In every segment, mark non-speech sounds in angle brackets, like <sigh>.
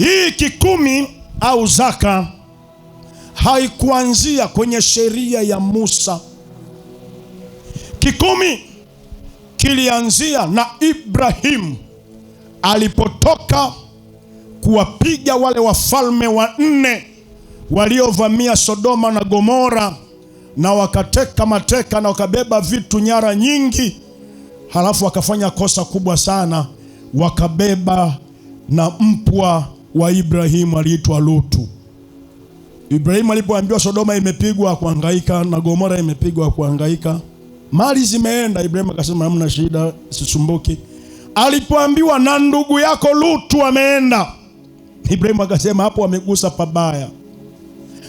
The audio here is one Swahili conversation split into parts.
Hii kikumi au zaka haikuanzia kwenye sheria ya Musa. Kikumi kilianzia na Ibrahimu alipotoka kuwapiga wale wafalme wanne waliovamia Sodoma na Gomora na wakateka mateka na wakabeba vitu nyara nyingi, halafu wakafanya kosa kubwa sana, wakabeba na mpwa wa Ibrahimu aliitwa Lutu. Ibrahimu alipoambiwa Sodoma imepigwa kuangaika na Gomora imepigwa kuangaika mali zimeenda, Ibrahimu akasema hamna shida, sisumbuki. Alipoambiwa na ndugu yako Lutu ameenda, Ibrahimu akasema hapo amegusa pabaya.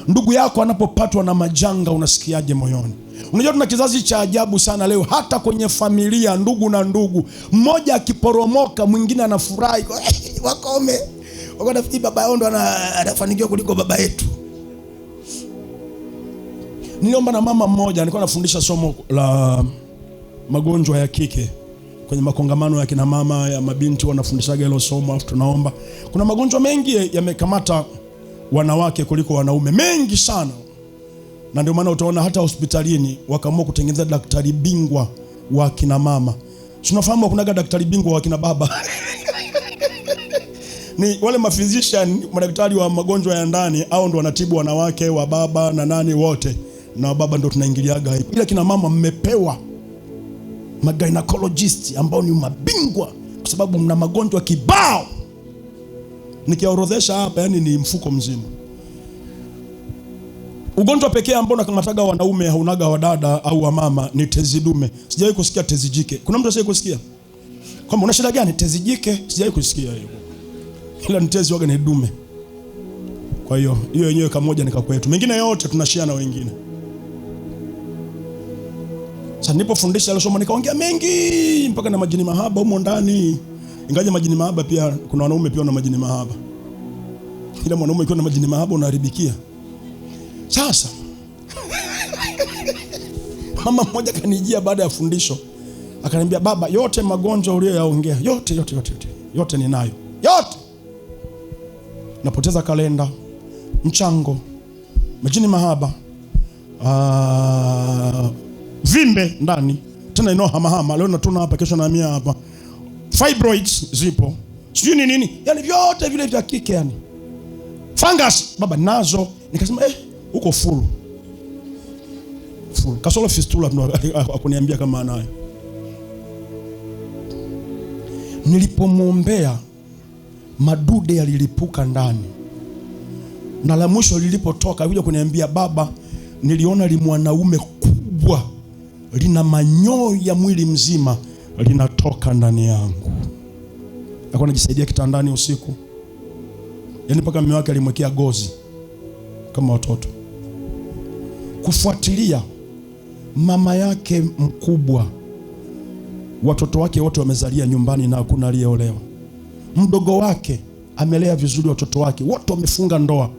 Ndugu yako anapopatwa na majanga unasikiaje moyoni? Unajua, tuna kizazi cha ajabu sana leo, hata kwenye familia, ndugu na ndugu, mmoja akiporomoka mwingine anafurahi <laughs> wakome Wako nafikiri baba yao ndo anafanikiwa kuliko baba yetu. Niliomba na mama mmoja, alikuwa anafundisha somo la magonjwa ya kike kwenye makongamano ya kina mama ya mabinti, wanafundishaga hilo somo. Afu tunaomba, kuna magonjwa mengi yamekamata wanawake kuliko wanaume, mengi sana, na ndio maana utaona hata hospitalini wakaamua kutengeneza daktari bingwa wa kina mama. Tunafahamu kuna daktari bingwa wa kina baba <laughs> ni wale maphysician madaktari wa magonjwa ya ndani, au ndo wanatibu wanawake wa baba na nani wote, na baba ndo tunaingiliaga hapo, ila kina mama mmepewa magynecologists ambao ni mabingwa, kwa sababu mna magonjwa kibao. Nikiorodhesha hapa, yani ni mfuko mzima. Ugonjwa pekee ambao unakamataga wanaume haunaga wadada au wamama ni tezi dume. Sijawahi kusikia tezi jike. Kuna mtu asiye kusikia kwamba una shida gani tezi jike? Sijawahi kusikia hiyo ila mtezi waga ni dume. Kwa hiyo hiyo yenyewe kamoja ni kakwetu, mengine yote tunashia na wengine. Sasa nilipofundisha ile somo nikaongea mengi mpaka na majini mahaba humo ndani, ingaje majini mahaba pia kuna wanaume pia na majini mahaba, ila mwanaume ukiwa na majini mahaba unaharibikia. Sasa <laughs> mama mmoja kanijia baada ya fundisho akaniambia, baba, yote magonjwa uliyoyaongea yote yote yote yote yote ninayo yote napoteza kalenda, mchango, majini mahaba, uh, vimbe ndani tena inao hamahama, leo natuna hapa, kesho nahamia hapa, fibroids zipo, sijui ni nini, yani vyote vile vya kike, yani fungus baba nazo. Nikasema eh, uko full full, kasoro fistula akuniambia kama anayo. Nilipomwombea madude yalilipuka ndani, na la mwisho lilipotoka alikuja kuniambia, baba, niliona limwanaume kubwa lina manyoya ya mwili mzima linatoka ndani yangu. Alikuwa anajisaidia kitandani usiku, yaani mpaka mume wake alimwekea gozi kama watoto. Kufuatilia mama yake mkubwa, watoto wake wote wamezalia nyumbani na hakuna aliyeolewa mdogo wake amelea vizuri watoto wake wote wamefunga ndoa,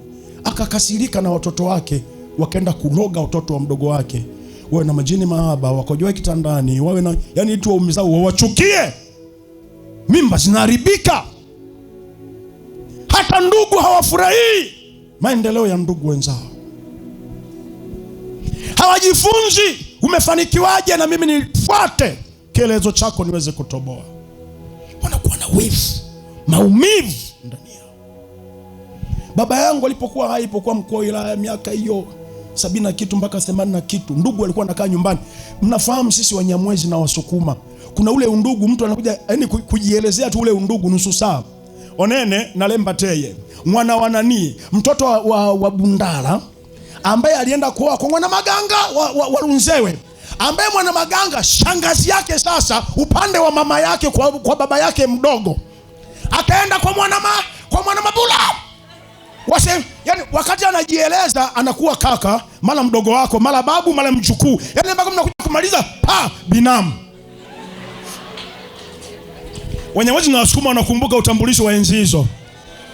akakasirika na watoto wake, wakaenda kuloga watoto wa mdogo wake, wawe na majini mahaba, wakojoe kitandani, wawe na yani tu waumizao, wawachukie, mimba zinaharibika, hata ndugu hawafurahii maendeleo ya ndugu wenzao, hawajifunzi umefanikiwaje, na mimi nifuate kielezo chako niweze kutoboa. Wanakuwa na wivu maumivu ndani yao. Baba yangu alipokuwa hai, alipokuwa mkuu wa wilaya miaka hiyo sabini na kitu mpaka themanini na kitu, ndugu alikuwa anakaa nyumbani. Mnafahamu sisi Wanyamwezi na Wasukuma kuna ule undugu, mtu anakuja yani kujielezea tu ule undugu nusu saa. Onene na Lemba Teye mwana nani mtoto wa, wa, wa Bundala ambaye alienda kuoa kwa mwana Maganga Warunzewe wa, wa ambaye mwana Maganga shangazi yake sasa upande wa mama yake kwa, kwa baba yake mdogo ataenda kwa mwanama kwa mwanamabula wase, yani wakati anajieleza anakuwa kaka mara mdogo wako mara babu mara mjukuu, yani mpaka mnakuja kumaliza pa binamu. Wanyamwezi na Wasukuma wanakumbuka utambulisho wa enzi hizo.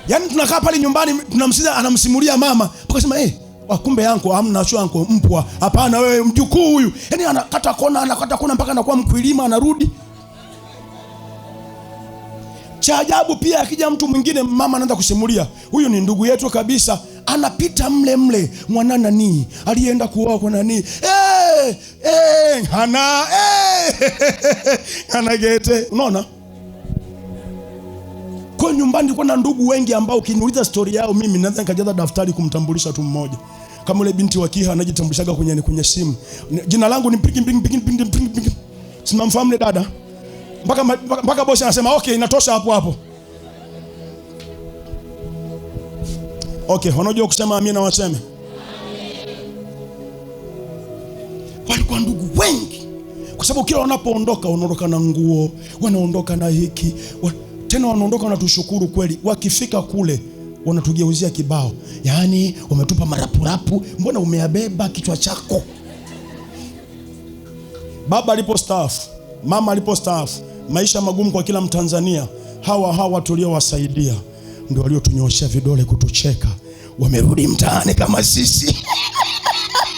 Yaani tunakaa pale nyumbani tunamsiza anamsimulia mama mpaka sema eh, wakumbe yanko amna hamna sio yangu mpwa. Hapana wewe mjukuu huyu. Yaani anakata kona anakata kona mpaka anakuwa mkwilima anarudi. Cha ajabu pia, akija mtu mwingine, mama anaanza kusimulia, huyu ni ndugu yetu kabisa, anapita mle mle mwana nani alienda kuoa kwa nani, hey, eh, eh, hey, hana hey, eh, <laughs> gete. Unaona kwa nyumbani kuna ndugu wengi ambao ukiniuliza stori yao, mimi naweza nikajaza daftari kumtambulisha tu mmoja kama ule binti wa Kiha anajitambulishaga kwenye kwenye simu, jina langu ni ping ping ping ping ping, simamfahamu dada mpaka mpaka bosi anasema okay, inatosha hapo hapo. Okay, wanajua kusema amina, waseme walikuwa ndugu wengi, kwa sababu kila wanapoondoka wanaondoka na nguo, wanaondoka na hiki wa, tena wanaondoka wanatushukuru kweli, wakifika kule wanatugeuzia kibao, yaani wametupa marapurapu, mbona umeabeba kichwa chako baba alipostaafu mama alipostaafu, maisha magumu kwa kila Mtanzania. Hawa hawa tuliowasaidia ndio waliotunyoshea vidole kutucheka, wamerudi mtaani kama sisi.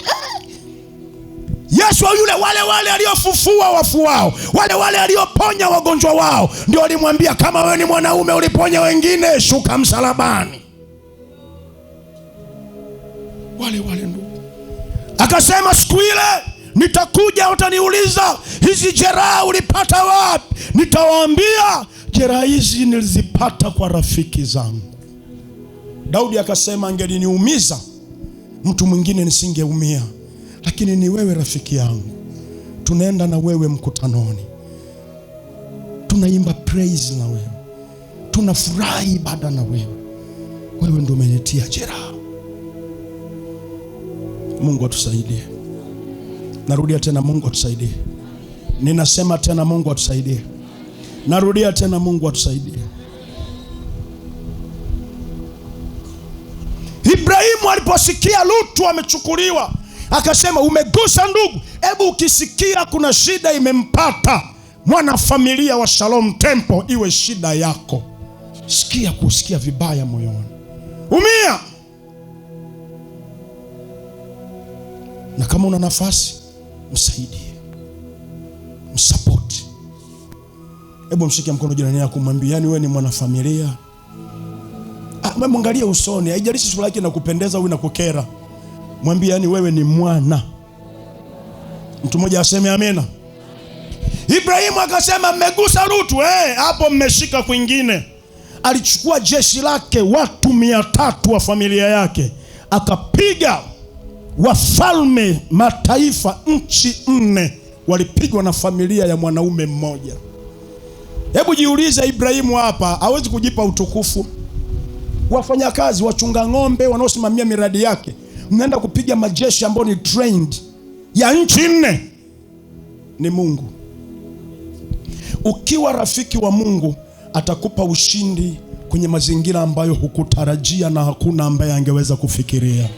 <laughs> Yesu yule, wale wale aliofufua wafu wao, wale wale alioponya wagonjwa wao, ndio walimwambia kama wewe ni mwanaume uliponya wengine, shuka msalabani. Wale wale ndio akasema siku ile Nitakuja wataniuliza, hizi jeraha ulipata wapi? Nitawaambia, jeraha hizi nilizipata kwa rafiki zangu. Daudi akasema, angeliniumiza mtu mwingine nisingeumia, lakini ni wewe rafiki yangu, tunaenda na wewe mkutanoni, tunaimba praise na wewe, tunafurahi ibada na wewe, wewe ndio umenitia jeraha. Mungu atusaidie. Narudia tena, Mungu atusaidie. Ninasema tena, Mungu atusaidie. Narudia tena, Mungu atusaidie. Ibrahimu aliposikia Lutu amechukuliwa, akasema umegusa ndugu. Hebu ukisikia kuna shida imempata mwanafamilia wa Shalom Temple, iwe shida yako, sikia kusikia vibaya moyoni, umia, na kama una nafasi msaidie, msapoti. Hebu mshike mkono jirani yako, mwambie, yaani wewe ni mwanafamilia. Ah, mwangalie usoni, haijalishi sura yake inakupendeza au inakukera, mwambie, yaani wewe ni mwana. Mtu mmoja aseme amena. Ibrahimu akasema mmegusa Lutu eh, hapo mmeshika kwingine. Alichukua jeshi lake watu mia tatu wa familia yake akapiga wafalme, mataifa, nchi nne walipigwa na familia ya mwanaume mmoja. Hebu jiulize, Ibrahimu hapa hawezi kujipa utukufu. Wafanyakazi, wachunga ng'ombe, wanaosimamia miradi yake, mnaenda kupiga majeshi ambayo ni trained ya nchi nne. Ni Mungu. Ukiwa rafiki wa Mungu atakupa ushindi kwenye mazingira ambayo hukutarajia na hakuna ambaye angeweza kufikiria.